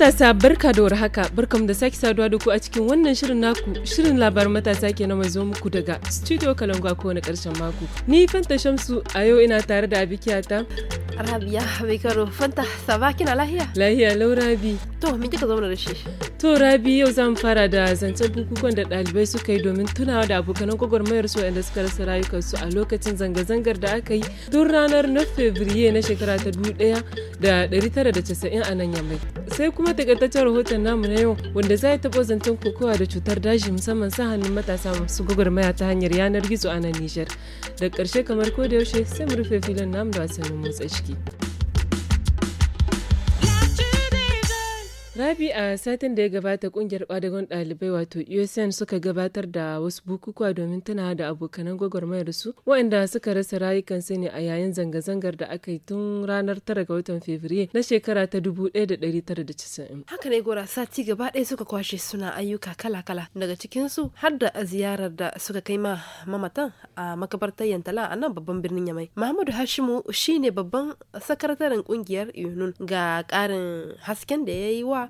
matasa barka da warhaka barkam da sake saduwa da ku a cikin wannan shirin naku shirin labarin matasa ke na mai zo muku daga studio kalangwa ko na karshen mako ni fanta shamsu a yau ina tare da abikiyata rabiya mai karo fanta saba kina lahiya? Lahiya lau Rabi. To me kika zauna da shi? To Rabi yau zamu fara da zancen bukukuwan da ɗalibai suka yi domin tunawa da abokanan gwagwarmayar su waɗanda suka rasa rayukansu a lokacin zanga-zangar da aka yi tun ranar 9 Fabrairu na shekara ta 1990 a nan Yamai. sai kuma takaitaccen rahoton namu na yau wanda zai taɓa zancen kokowa da cutar daji musamman sa hannun matasa masu gwagwarmaya ta hanyar yanar gizo a nan Nijar. Da ƙarshe kamar ko da yaushe sai mu rufe filin namu da wasannin motsa ciki. Rabi a satin da ya gabata kungiyar kwadagon ɗalibai wato USN suka gabatar da wasu bukukuwa domin tuna da abokanan gwagwarmayar su waɗanda suka rasa rayukansu ne a yayin zanga-zangar da aka yi tun ranar 9 ga watan Fabrairu na shekara ta da 1990. Haka ne gora sati gaba ɗaya suka kwashe suna ayyuka kala-kala daga cikin su har da ziyarar da suka kai ma mamatan a makabartar Yantala a nan babban birnin Yamai. Muhammadu Hashimu shine babban sakataren kungiyar Yunun ga ƙarin hasken da ya yi wa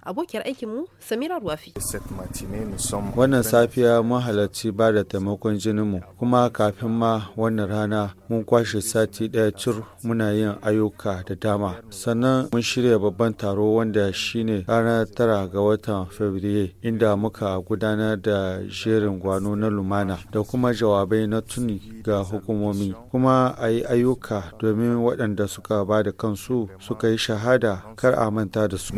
abokiyar aikinmu samira ruwafi wannan safiya mun halarci ba da taimakon jininmu kuma kafin ma wannan rana mun kwashe sati ɗaya cur muna yin ayyuka da dama sannan mun shirya babban taro wanda shine ranar tara ga watan fabriye inda muka gudanar da jerin gwano na lumana da kuma jawabai na tuni ga hukumomi kuma a yi ayyuka domin waɗanda suka ba da kansu suka yi shahada kar a manta da su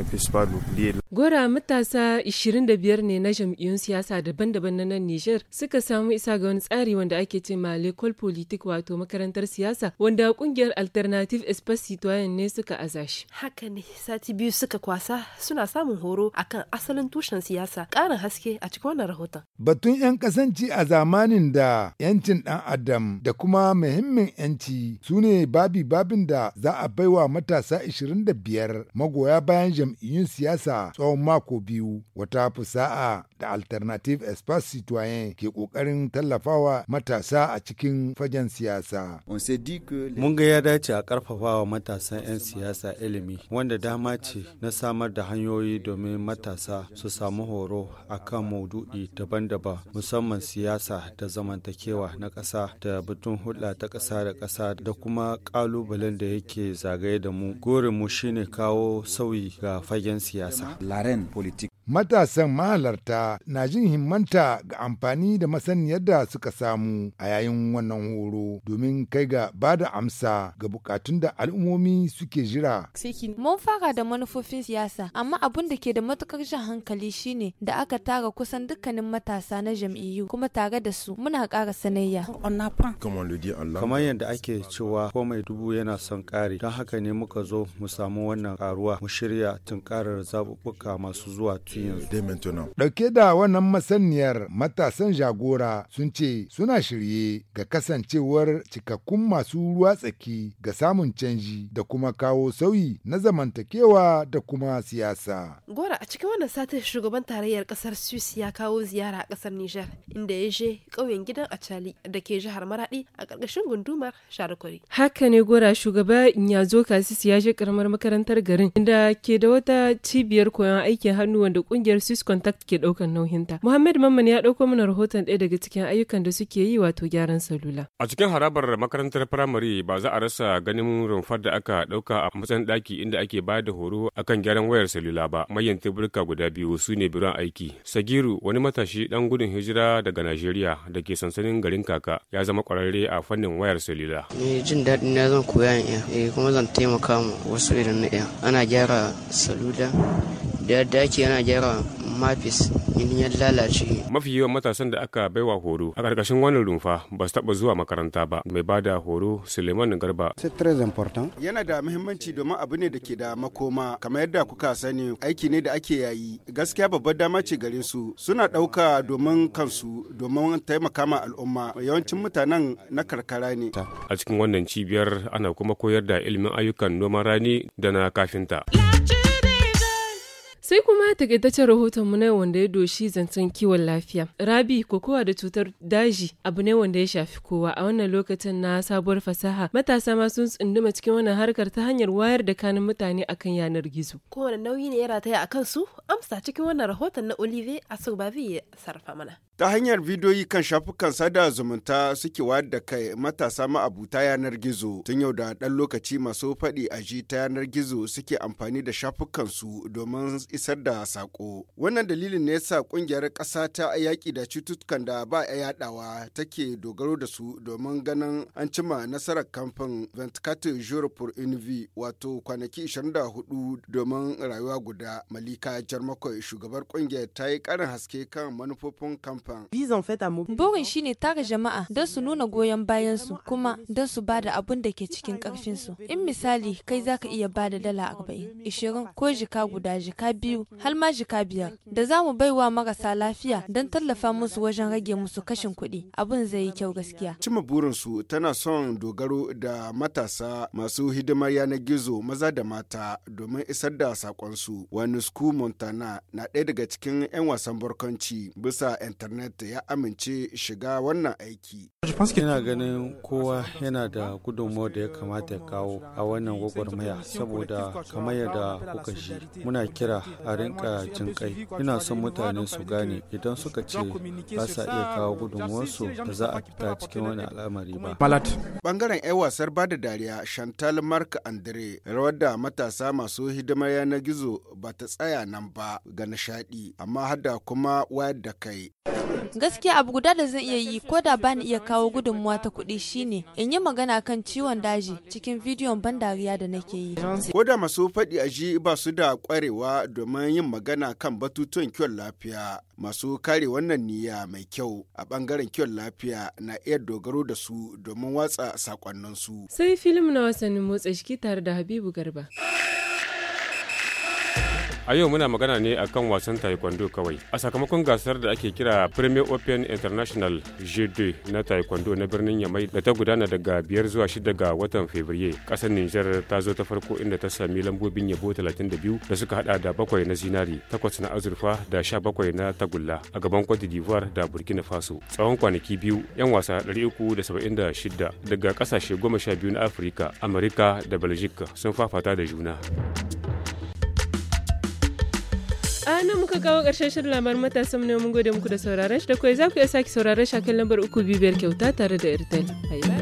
Gora matasa 25 ne na jam'iyyun siyasa daban-daban na nan Nijar suka samu isa ga wani tsari wanda ake ce ma l'école politique wato makarantar siyasa wanda kungiyar Alternative Espace Citoyen ne suka azashi. Haka ne sati biyu suka kwasa suna samun horo akan asalin tushen siyasa ƙarin haske a cikin wannan rahoton. Batun 'yan kasanci a zamanin da 'yancin ɗan adam da kuma muhimmin 'yanci su ne babi babin da za a baiwa matasa 25 magoya bayan jam'iyyun siyasa tsawon mako biyu wata fusa'a da Alternative Espace Citoyen ke kokarin tallafawa matasa a cikin fagen siyasa. Mun ga ya dace a karfafawa matasan 'yan siyasa ilimi wanda dama ce na samar da hanyoyi domin matasa su samu horo a kan maududi daban-daban musamman siyasa da zamantakewa na ƙasa da batun hulɗa ta ƙasa da ƙasa da kuma ƙalubalen da yake zagaye da mu. mu shine kawo sauyi ga fagen siyasa. la reine politique Matasan mahalarta na jin himmanta ga amfani da masaniyar da suka samu a yayin wannan horo domin kai ga ba da amsa ga bukatun da al'ummomi suke jira. Mun fara da manufofin siyasa, amma abin da ke da matukar jan hankali shine da aka tara kusan dukkanin matasa na jam'iyyu kuma tare da su muna ƙara sanayya. Kamar yadda ake cewa komai dubu yana son ƙari, don haka ne muka zo mu samu wannan karuwa mu shirya tunkarar zaɓuɓɓuka masu zuwa dai Dauke da wannan masaniyar matasan jagora sun ce suna shirye ga kasancewar cikakkun masu ruwa tsaki ga samun canji da kuma kawo sauyi na zamantakewa da kuma siyasa. Gora a cikin wannan satin shugaban tarayyar kasar Swiss ya kawo ziyara a kasar Nijar inda ya je ƙauyen gidan a Acali da ke jihar Maradi a ƙarƙashin gundumar Sharakwari. Haka ne gora shugaba zo Kasis ya je karamar makarantar garin inda ke da wata cibiyar koyon aikin hannu wanda kungiyar Swiss Contact ke daukan nauyinta. Muhammad Mamman ya dauko mana rahoton ɗaya daga cikin ayyukan da suke yi wato gyaran salula. A cikin harabar makarantar firamare ba za a rasa ganin rumfar da aka dauka a matsayin daki inda ake ba da horo akan gyaran wayar salula ba. Mayan teburka guda biyu su ne biran aiki. Sagiru wani matashi dan gudun hijira daga Najeriya da ke sansanin garin Kaka ya zama kwararre a fannin wayar salula. Ni jin daɗin na zan koya in iya, eh, kuma zan taimaka mu wasu idan na Ana gyara salula da yadda ake yana gyara mafis in ya lalace. Mafi yawan matasan da aka baiwa horo a ƙarƙashin wannan rumfa ba su taɓa zuwa makaranta ba. Mai ba da horo Suleiman Garba. Yana da muhimmanci domin abu ne da ke da makoma kamar yadda kuka sani aiki ne da ake yayi gaskiya babbar dama ce gare su suna ɗauka domin kansu domin taimaka ma al'umma yawancin mutanen na karkara ne. A cikin wannan cibiyar ana kuma koyar da ilimin ayyukan noman rani da na kafinta. Sai kuma takaitaccen rahoton mu na wanda ya doshi zancen kiwon lafiya. Rabi kokowa da cutar daji abu ne wanda ya shafi kowa a wannan lokacin na sabuwar fasaha. Matasa ma sun tsunduma cikin wannan harkar ta hanyar wayar da kanin mutane akan yanar gizo. Kowane nauyi ne ya rataya a su Amsa cikin wannan rahoton na Olivier Asobavi ya sarrafa mana. ta hanyar bidiyoyi kan shafukan sada zumunta suke wayar da kai matasa ma'abuta yanar gizo tun yau da ɗan lokaci masu faɗi a ji ta yanar gizo suke amfani da shafukan su domin isar da saƙo wannan dalilin ne yasa ƙungiyar ƙasa ta yaki da cututtukan da ba a yaɗawa take dogaro da su domin ganin an cima nasarar kamfan 24 jours pour une vie wato kwanaki 24 domin rayuwa guda malika jarmakwai shugabar ƙungiyar ta yi karin haske kan manufofin kamfan Burin shi ne tara jama'a don su nuna goyon bayansu kuma don su ba da abin da ke cikin karfinsu In misali kai za ka iya ba da dala arba'in, ishirin ko jika guda jika biyu har ma jika biyar da za mu baiwa marasa lafiya don tallafa musu wajen rage musu kashin kuɗi abin zai yi kyau gaskiya. Cima burinsu tana son dogaro da matasa masu hidimar yanar gizo maza da mata domin isar da saƙonsu. Wani Sku Montana na ɗaya daga cikin 'yan wasan barkwanci bisa intanet. intanet ya amince shiga wannan aiki. Ina ganin kowa yana da gudunmawar da ya kamata ya kawo a wannan gwagwarmaya saboda kamar yadda kuka shi muna kira a rinka jin kai. Ina son mutane su gane idan suka ce ba sa iya kawo su da za a fita cikin wani al'amari ba. Bangaren 'yan wasar ba da dariya Chantal Mark Andre rawar da matasa masu hidimar yanar gizo ba ta tsaya nan ba ga nishaɗi amma hada kuma wayar da kai. gaskiya abu guda da zan iya yi ko da bani iya kawo gudunmuwa ta kuɗi shine in yi magana kan ciwon daji cikin bidiyon ban dariya da nake yi ko da masu faɗi a ji ba su da ƙwarewa domin yin magana kan batutuwan kiwon lafiya masu kare wannan niyya mai kyau a ɓangaren kiwon lafiya na iya dogaro da su domin watsa sakonninsu sai filim na wasannin motsa shi tare da habibu garba A yau muna magana ne a kan wasan taekwondo kawai. A sakamakon gasar da ake kira Premier Open International G2 na taekwondo na birnin Yamai da ta gudana daga biyar zuwa shida ga watan Fabriye. Kasar Nijar ta zo ta farko inda ta sami lambobin yabo 32 da suka hada da bakwai na zinari, takwas na azurfa da sha bakwai na tagulla a gaban Cote d'Ivoire da Burkina Faso. Tsawon kwanaki biyu, 'yan wasa uku da 376 daga kasashe biyu na afrika amurika da Belgique sun fafata da juna. a nan muka kawo ƙarshen shirin labarin matasa ne mun gode muku da sauraron shi da kawai za ku iya sake sauraron shi a lambar uku biyu biyar kyauta tare da airtel